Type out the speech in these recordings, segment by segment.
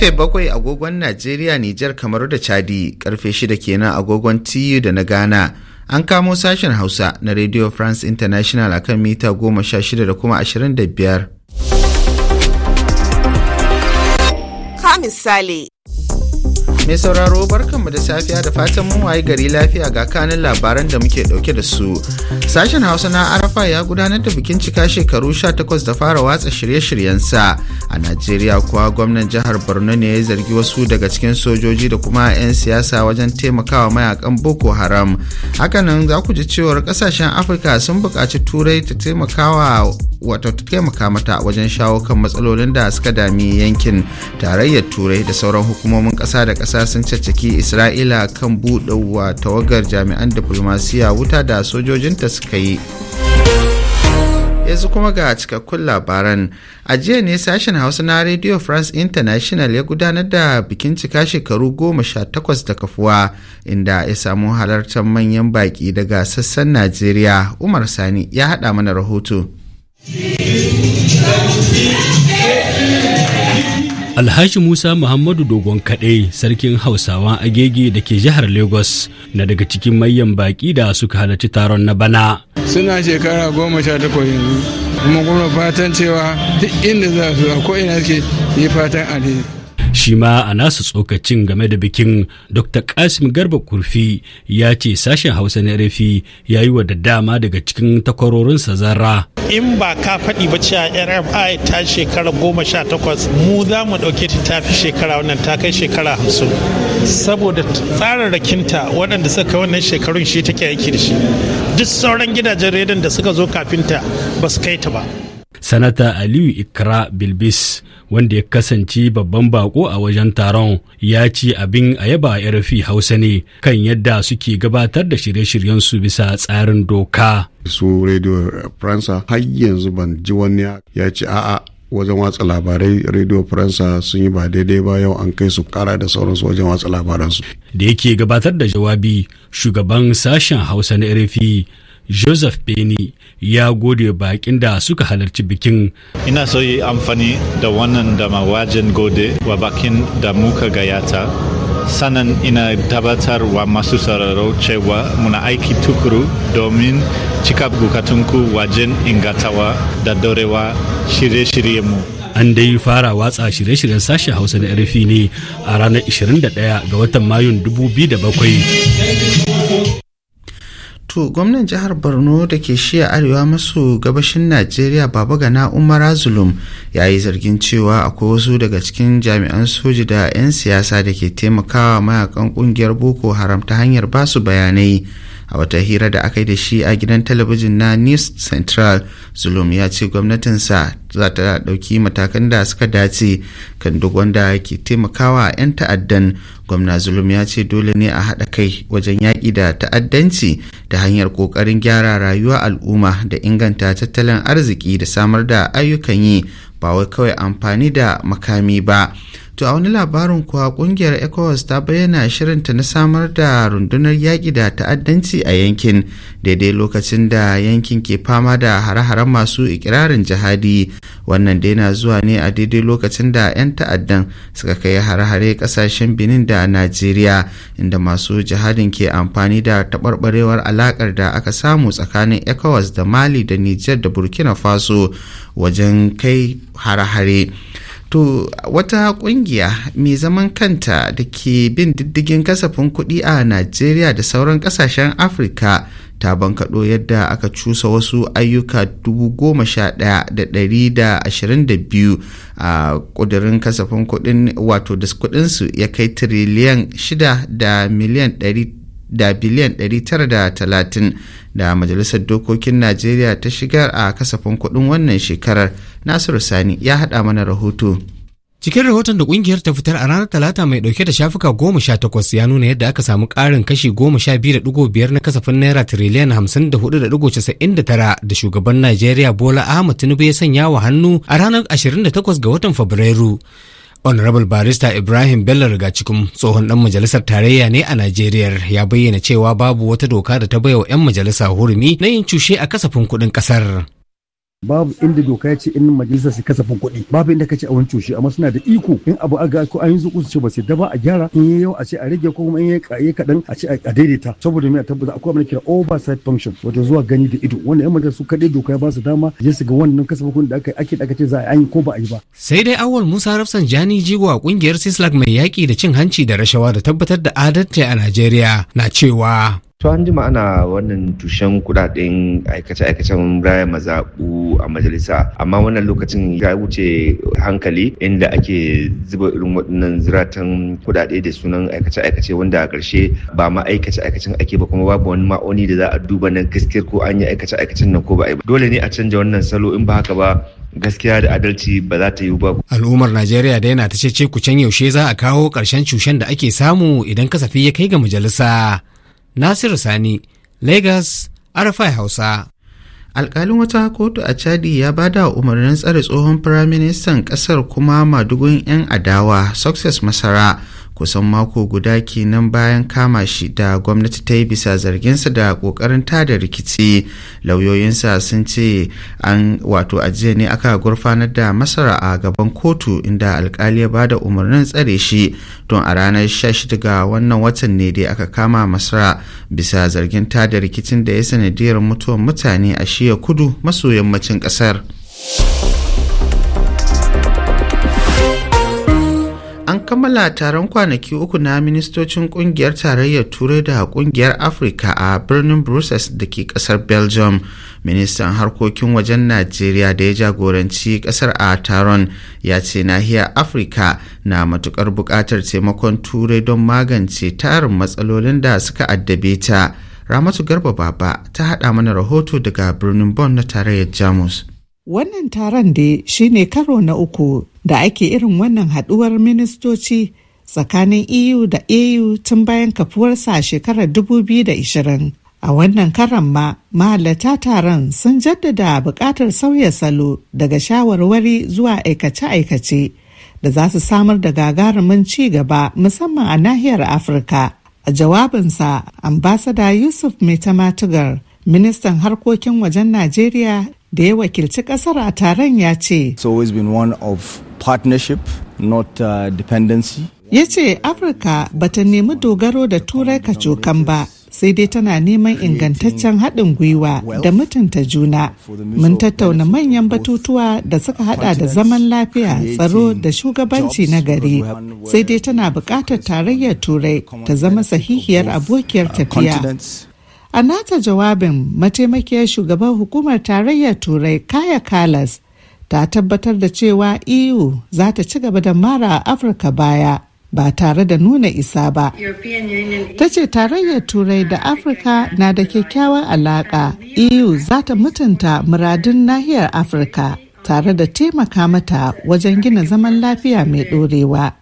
Karfe bakwai agogon Najeriya, Nijar, kamar da Chadi, karfe shida kenan agogon TU da na Ghana. An kamo sashen Hausa na Radio France International a kan mita goma sha shida da kuma ashirin da biyar. Ka misali. Mai sauraro barkanmu da safiya da fatan mun waye gari lafiya ga kanin labaran da muke dauke da su. Sashen Hausa na Arafa ya gudanar da bikin cika shekaru sha takwas da fara watsa shirye-shiryensa. A Najeriya kuwa gwamnan jihar Borno ne ya zargi wasu daga cikin sojoji da kuma 'yan siyasa wajen taimakawa mayakan Boko Haram. Hakanan za ku ji cewar kasashen Afirka sun buƙaci Turai ta taimakawa wato taimaka mata wajen shawo kan matsalolin da suka dami yankin tarayyar Turai da sauran hukumomin ƙasa da ƙasa ƙasa sun caccaki isra'ila kan buɗewa tawagar jami'an diplomasiya wuta da sojojinta suka yi yanzu kuma ga cikakkun labaran a jiya ne sashen hausa na radio france international ya gudanar da bikin cika shekaru goma sha takwas da kafuwa inda ya samu halartar manyan baki daga sassan najeriya umar sani ya haɗa mana rahoto Alhaji Musa Muhammadu Dogon kaɗai sarkin Hausawa Agege da ke jihar Lagos na daga cikin mayan baƙi da suka halarci taron na bana. Suna shekara goma sha takwas yanzu, kuma kuma fatan cewa duk inda za su a ko ina suke yi fatan alheri. shi ma a nasu tsokacin game da bikin dr kasim garba kurfi ya ce sashen hausa na rafi ya yi wa da dama daga cikin takwarorinsa zara in ba ka faɗi ba cewa rfi ta shekara goma sha takwas mu za mu ɗauke ta tafi shekara wannan ta kai shekara hamsin saboda tsarin rakinta waɗanda suka kai wannan shekarun shi take aiki da shi duk sauran gidajen redon da suka zo kafinta ba su kai ta ba Sanata Aliyu Ikra Bilbis wanda ya kasance babban bako a wajen taron ya ce abin a yaba RFI Hausa ne kan yadda suke gabatar da shirye-shiryensu bisa tsarin doka. Su Radio Faransa har yanzu ban ji wani ya ce a'a wajen watsa labarai radio faransa sun yi ba daidai ba yau an kai su kara da sauransu wajen watsa labaransu da yake gabatar da jawabi shugaban sashen hausa na rfi joseph beni ya gode bakin da suka halarci bikin ina so yi amfani da wannan dama wajen gode wa bakin da muka gayata sannan ina tabbatar wa masu sararo cewa muna aiki tukuru domin cika bukatunku wajen ingatawa da dorewa shirye-shiryenmu an dai fara watsa shirye-shiryen sashen hausa na rfi ne a ranar 21 ga watan mayun 2007 to gwamnan jihar borno da ke shiya arewa maso gabashin najeriya baba gana Umar zulum ya yi zargin cewa akwai wasu daga cikin jami'an soji da 'yan siyasa da ke taimakawa mayakan kungiyar boko haram ta hanyar basu bayanai a wata hira da aka yi da shi a gidan talabijin na news central zulum ya ce gwamnatinsa za ta ɗauki matakan da suka dace kan duk wanda ke taimakawa a 'yan ta'addan gwamna zulum ya ce dole ne a haɗa kai wajen yaƙi da ta'addanci da hanyar ƙoƙarin gyara rayuwar al'umma da inganta tattalin arziki da samar da ayyukan yi ba wai kawai amfani da makami ba to a wani labarin kuwa kungiyar ecowas ta bayyana shirinta na samar da rundunar yaƙi da ta'addanci a yankin daidai lokacin da yankin ke fama da hare-haren masu ikirarin jihadi wannan dai na zuwa ne a daidai lokacin da 'yan ta'addan suka kai hare-hare kasashen benin da najeriya inda masu jihadin ke amfani da taɓarɓarewar alaƙar da aka samu tsakanin ecowas da mali da nijar da burkina faso wajen kai hare-hare To wata kungiya mai zaman kanta da ke bin diddigin kasafin kuɗi a Najeriya da sauran ƙasashen Afirka ta bankaɗo yadda aka cusa wasu ayyuka 11,122 a ƙudurin kasafin kuɗin wato da kuɗinsu ya kai tiriliyan 6 da miliyan da biliyan 930 da majalisar dokokin najeriya ta shigar a kasafin kuɗin wannan shekarar nasiru sani ya haɗa mana rahoto Cikin rahoton da kungiyar ta fitar a ranar Talata mai dauke da shafuka goma sha takwas ya nuna yadda aka samu karin kashi goma sha biyu da digo biyar na kasafin naira tiriliyan hamsin da hudu da digo casa'in da tara da shugaban Najeriya Bola Ahmad Tinubu ya sanya wa hannu a ranar ashirin da takwas ga watan Fabrairu. honorable barista ibrahim bello riga cikin tsohon dan majalisar tarayya ne a najeriya ya bayyana cewa babu wata doka da ta wa 'yan majalisa hurumi na yin cushe a kasafin kuɗin ƙasar babu inda doka ya ce in majalisar su kasafin kuɗi babu inda kace a wani cushe amma suna da iko in abu aga ko an yi zuku su ce ba sai daba a gyara in yayi yau a ce a rage ko kuma in yayi kaɗan a ce a daidaita saboda me a tabbata akwai abin da kira oversight function wato zuwa gani da ido wanda yan majalisa su kaɗai doka ya ba su dama ya shiga wannan kasafin kuɗin da aka ake da aka ce za a yi ko ba a yi ba. sai dai awal musa rafsan jani jigo a kungiyar sislak mai yaƙi da cin hanci da rashawa da tabbatar da adalci a najeriya na cewa to an jima ana wannan tushen kudaden aikace-aikacen raya mazaɓu a majalisa amma wannan lokacin ya wuce hankali inda ake zuba irin waɗannan ziratan kudade da sunan aikace-aikace wanda a ƙarshe ba ma aikace-aikacen ake ba kuma babu wani ma'oni da za a duba na gaskiyar ko an yi aikace-aikacen nan ko ba a yi ba dole ne a canja wannan salo in ba haka ba gaskiya da adalci ba za ta yiwu ba. Al'ummar Najeriya da yana ta ce ku can yaushe za a kawo ƙarshen cushen da ake samu idan kasafi ya kai ga majalisa. nasiru sani lagos arafai hausa Alƙalin wata kotu a chadi ya bada umarnin tsare tsohon firaministan ƙasar kuma madugun 'yan adawa success masara kusan mako guda kenan bayan kama shi da gwamnati ta yi bisa zarginsa da kokarin tada rikici lauyoyinsa sun ce an wato ajiya ne aka gurfanar da masara a gaban kotu inda alkali ya bada umarnin tsare shi don a ranar 16 ga wannan watan ne dai aka kama masara bisa zargin tada rikicin da ya sanadiyar mutuwar mutane a shiya kudu maso yammacin kasar. kammala taron kwanaki uku na ministocin kungiyar tarayyar turai da kungiyar afirka a birnin brussels da ke kasar belgium ministan harkokin wajen najeriya da ya jagoranci kasar a taron ya ce nahiyar afirka na matukar buƙatar taimakon turai don magance tarin matsalolin da suka addabe ta ramatu garba baba ta haɗa mana rahoto daga birnin bon na tarayyar jamus wannan taron da shine karo na uku da ake irin wannan haɗuwar ministoci tsakanin EU da AU tun bayan kafuwarsa a shekarar 2020. A wannan karan ma mahallata taron sun jaddada buƙatar sauya salo daga shawarwari zuwa aikace-aikace da za su samar da gagarumin ci gaba musamman a nahiyar Afirka. A jawabinsa, ambasada Yusuf Metamatugar, ministan harkokin wajen Najeriya da ya wakilci kasar a taron ya ce. partnership not uh, dependency ya ce afirka ba ta nemi dogaro da turai kacokan ba sai dai tana neman ingantaccen haɗin gwiwa da mutunta juna mun tattauna manyan batutuwa da suka hada da zaman lafiya tsaro da shugabanci na gari sai dai tana buƙatar tarayyar turai ta zama sahihiyar abokiyar uh, tafiya a nata jawabin mataimakiyar shugaban hukumar tarayyar turai kaya kalas ta tabbatar da cewa eu za ta ci gaba da mara a afirka baya ba tare da nuna isa ba ta ce tarayyar turai da afirka na da kyakkyawan alaƙa eu za ta mutunta muradun nahiyar afirka tare da taimaka mata wajen gina zaman lafiya mai ɗorewa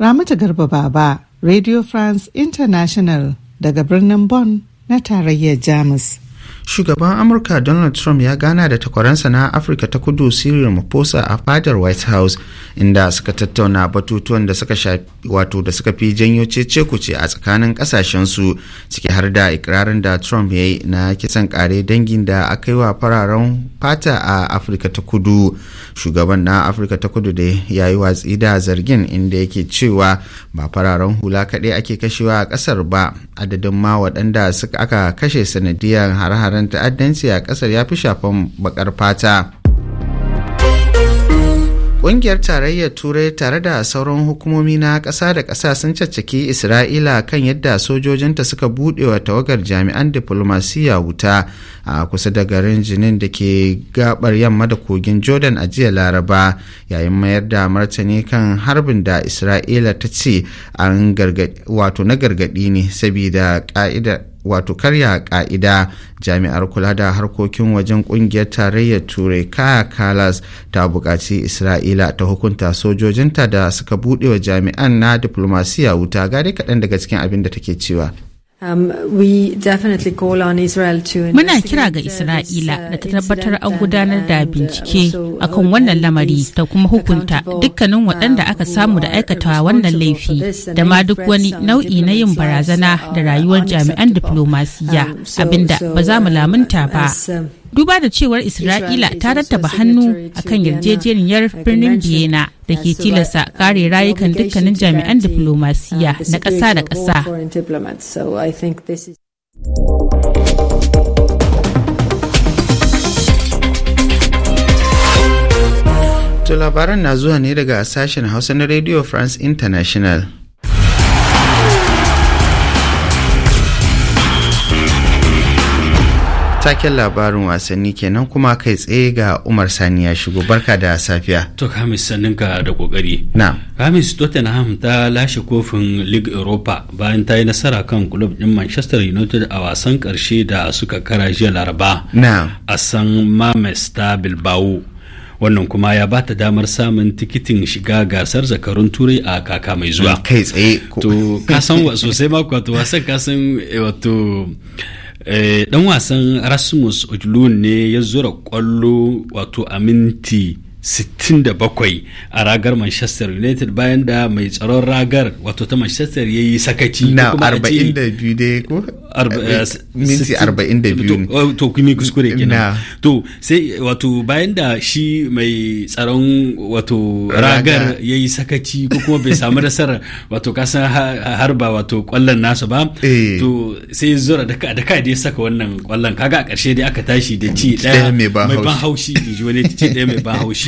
ramata garba baba radio france international daga birnin bonn na tarayyar jamus shugaban amurka donald trump ya gana da takwaransa na afirka ta kudu cyril maposa a fadar white house inda suka tattauna batutuwan da suka shafi wato da suka fi janyo cece a tsakanin kasashensu ciki har da ikirarin da trump ya yi na kisan kare dangin da aka yi wa fararen fata a afirka ta kudu shugaban na afirka ta kudu da ya yi watsi da zargin inda yake cewa ba fararen hula kaɗai ake kashewa a ƙasar ba adadin ma waɗanda aka kashe sanadiyar hare hare hare ta'addanci a kasar ya fi shafan bakar fata. Ƙungiyar Tarayyar Turai tare da sauran hukumomi na ƙasa da ƙasa sun caccaki Isra'ila kan yadda sojojinta suka buɗe wa tawagar jami'an diflomasiyya wuta a kusa da garin Jinin da ke gabar yamma da kogin Jordan a jiya Laraba yayin mayar da martani kan harbin da Isra'ila ta ce an wato na gargaɗi ne saboda ƙa'idar wato karya ka'ida jami'ar kula da harkokin wajen kungiyar tarayyar turai kaya kalas ta buƙaci isra'ila ta hukunta sojojinta da suka buɗe wa jami'an na diplomasiya wuta gari kaɗan daga cikin abin da take cewa Um, Muna kira ga uh, Isra'ila da uh, ta tabbatar an gudanar da uh, bincike akan wannan lamari ta kuma hukunta dukkanin waɗanda aka um, samu da aikatawa wannan laifi da ma duk wani nau'i na yin barazana da rayuwar jami'an diflomasiya um, abinda ba za mu lamunta ba. duba da cewar isra'ila ta rattaba hannu akan yarjejeniyar birnin biyena da ke tilasta kare um, rayukan dukkanin jami'an diflomasiya uh, na ƙasa da ƙasa To labaran na zuwa ne daga sashen Hausa na Radio France International. taken labarin wasanni kenan kuma kai tsaye ga umar sani ya shigo barka da safiya to kamis sannin ka da kokari na kamis tottenham ta lashe kofin league europa bayan ta yi nasara kan club din manchester united a wasan karshe da suka kara jiya laraba na a san mames ta bilbao wannan kuma ya bata damar samun tikitin shiga gasar zakarun turai a kaka mai zuwa kai tsaye to kasan sosai ma wasan kasan eh, wato Eh, dan wasan rasmus ojulun ne ya zura kwallo wato a minti 67 a ragar Manchester United bayan da mai tsaron ragar wato ta Manchester ya yi sakaci. Na 42 dai ko? Eh, eh, minti 42 To kuni oh, kuskure kenan. To sai wato bayan da shi mai tsaron wato ragar ya yi sakaci ko kuma bai samu nasarar wato kasan harba wato kwallon nasa ba. Eh. To sai zura da ka da ya saka wannan kwallon kaga a karshe dai aka tashi da ci daya mai ban haushi. Mai ban haushi.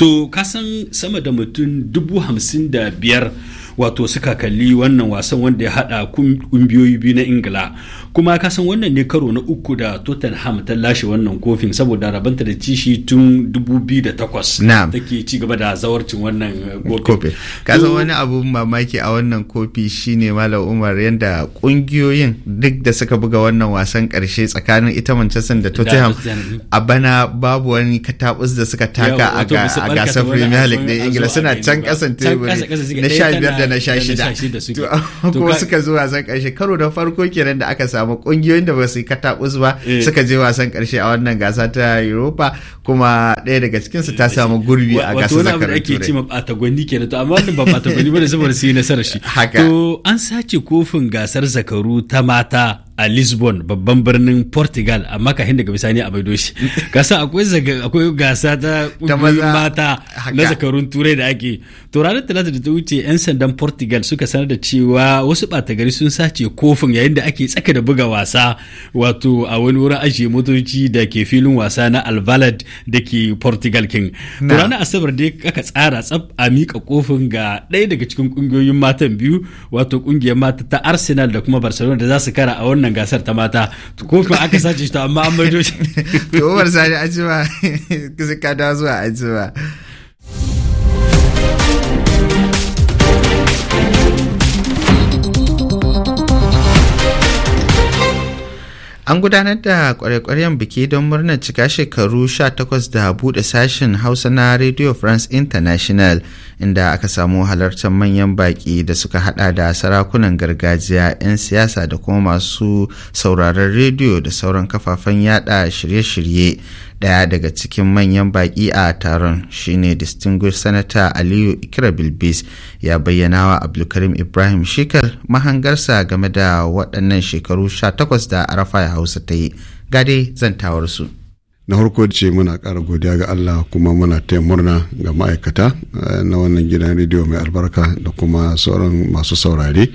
to kasan sama da mutum dubu hamsin da biyar wato suka kalli wannan wasan wanda ya hada kungiyoyi biyu na ingila kuma ka san wannan ne karo na uku da tottenham ta lashe wannan kofin saboda rabanta da ci shi tun 2008 take ci gaba da zawarcin wannan eh, kofin ka san wani abu mamaki a wannan kofi shine malam umar yanda kungiyoyin duk da suka buga wannan wasan karshe tsakanin ita manchester da tottenham a bana babu wani katabus da suka taka a gasar premier league na ingila suna can kasan teburi na 15 da na sha shida ko suka zo wasan karshe karo da farko kenan da aka samu kungiyoyin da ba su yi kataɓus ba eh. suka je wasan karshe a wannan gasa ta europa kuma ɗaya daga cikin su ta samu gurbi a gasar zakarar turai wato ake ce ma ɓata gwani kenan to amma wannan ba bata gwani bane saboda su yi nasarar shi to an sace kofin gasar zakaru ta mata a lisbon babban birnin portugal amma kahin daga bisani a baido shi gasa akwai gasa ta mata na zakarun turai da ake to ranar talata da ta wuce 'yan sandan portugal suka sanar da cewa wasu ɓata gari sun sace kofin yayin da ake tsaka da buga wasa wato a wani wurin ajiye motoci da ke filin wasa na alvalad da ke portugal king to ranar asabar da aka tsara tsab a mika kofin ga ɗaya daga cikin kungiyoyin matan biyu wato kungiyar mata ta arsenal da kuma barcelona da za su kara a wannan wannan gasar ta mata ko kuma aka sace shi to amma an maido shi to ji Sani kisa ka dawo zuwa ji Ajiba An gudanar da kwarekwaryen biki don murnar cika shekaru 18 da buɗe sashen Hausa na Radio France International inda aka samu halartar manyan baƙi da suka hada da sarakunan gargajiya, 'yan siyasa da kuma masu sauraron rediyo da sauran kafafen yada shirye-shirye daya daga cikin manyan baki a taron shine Distinguished Senator Aliyu Ikira Bilbis ya bayyana wa Abdulkarim Ibrahim Shikar mahangarsa game da waɗannan shekaru 18 da Arafa ya Hausa ta yi. Gade zantawarsu. Na harko ce muna ƙara godiya ga Allah kuma muna taya murna ga ma'aikata eh, na wannan gidan rediyo mai albarka da kuma sauran masu saurare.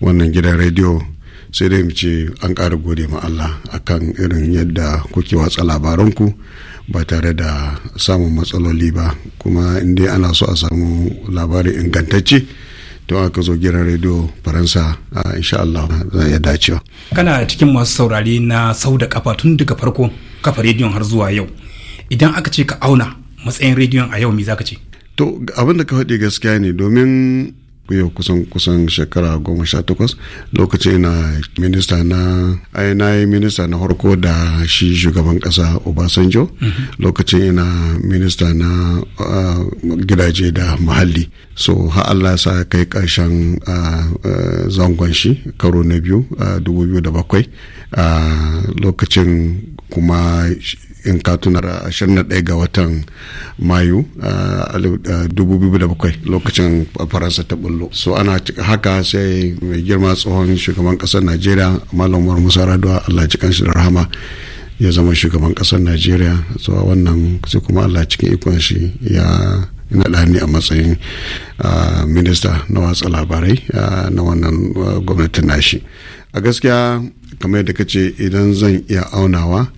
Wannan gidan rediyo sai dai mu ce an ƙara gode ma Allah akan irin yadda kuke watsa labaranku ba tare da samun matsaloli ba kuma inda ana so a samu labari ingantacce to aka zo gidan rediyo faransa insha Allah zai ya dacewa kana cikin masu saurare na sau da kafa tun daga farko kafa rediyon har zuwa yau idan aka ce ka auna matsayin rediyon a yau me zaka ce to abin da ka faɗi gaskiya ne domin yau kusan kusan shekara goma sha takwas lokacin na minista na ai na yi minista na harko da shi shugaban kasa obasanjo mhm. lokacin ina minista na ah, gidaje da muhalli so ha Allah sa kai karshen ah, eh, zangon shi karo na biyu ah, a 2007 lokacin kuma in katunar 21 ga watan mayu 2007 lokacin faransa ta bullo so ana haka sai mai girma tsohon shugaban kasar najeriya malam musa raduwa allah cikin shi da rahama ya zama shugaban kasar najeriya zuwa wannan sai kuma allah cikin ikon shi ya naɗa ni a matsayin minista na watsa labarai na wannan gwamnatin nashi a gaskiya kamar yadda kace idan zan iya aunawa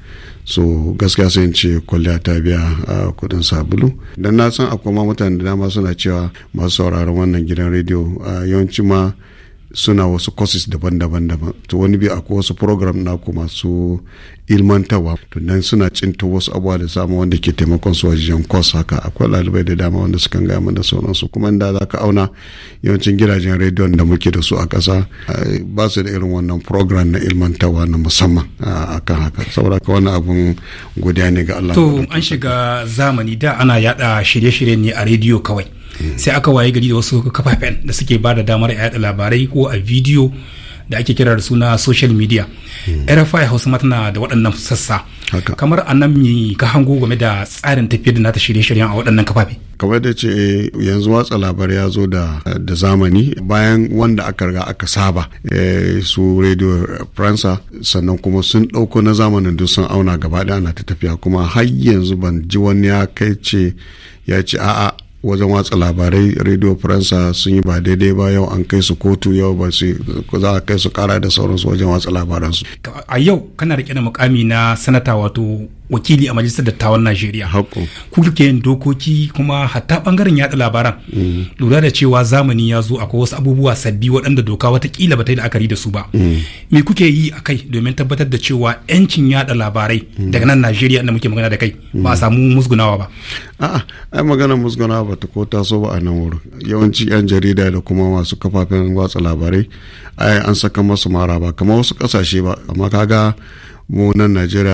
so gaskiya sai ce kwalliya ta biya a kudin sabulu don na san akwai mutane da dama suna cewa masu sauraron wannan gidan rediyo yawanci ma suna wasu courses daban-daban daban to wani bi akwai wasu program na kuma masu ilmantarwa to nan suna cinto wasu abuwa da samu wanda ke taimakon su wajen course haka akwai ɗalibai da dama wanda su kan gaya mana su kuma da za ka auna yawancin gidajen rediyon da muke da su a kasa. Eh, ba su da irin wannan program na ilmantawa na musamman a kan haka saboda ka wannan abun godiya ne ga Allah to an shiga zamani da ana yada shirye-shirye ne a rediyo kawai sai aka waye gari da wasu kafafen da suke ba da damar yaɗa labarai ko a bidiyo da ake kira da suna social media rfi hausa ma tana da waɗannan sassa kamar a nan mi ka hango game da tsarin tafiyar da nata shirye-shiryen a waɗannan kafafe kamar da ce eh, yanzu watsa labar ya zo da zamani bayan wanda aka riga aka saba eh, su radio faransa sannan kuma sun ɗauko na zamanin duk sun auna gaba ɗaya ana ta tafiya kuma har yanzu ban ji wani ya kai ce ya ce a'a wajen watsa labarai radio faransa sun yi ba daidai ba yau an kai su kotu yau ba za a kai su kara da sauransu wajen watsa labaransu a yau kana rike da mukami na sanata wato wakili a majalisar dattawan najeriya ku kuke yin dokoki kuma hatta bangaren yada labaran mm. lura da cewa zamani ya zo akwai wasu abubuwa sabbi waɗanda doka watakila ba ta yi la'akari da su ba mm. me kuke yi a kai domin tabbatar da cewa yancin yada labarai mm. daga nan najeriya da muke magana da kai ba a samu musgunawa ba a'a ai magana musgunawa ba ta ko taso ba a nan wurin yawanci yan jarida da kuma masu kafafen watsa labarai ai an saka masu mara ba kamar wasu kasashe ba amma kaga mu nan najeriya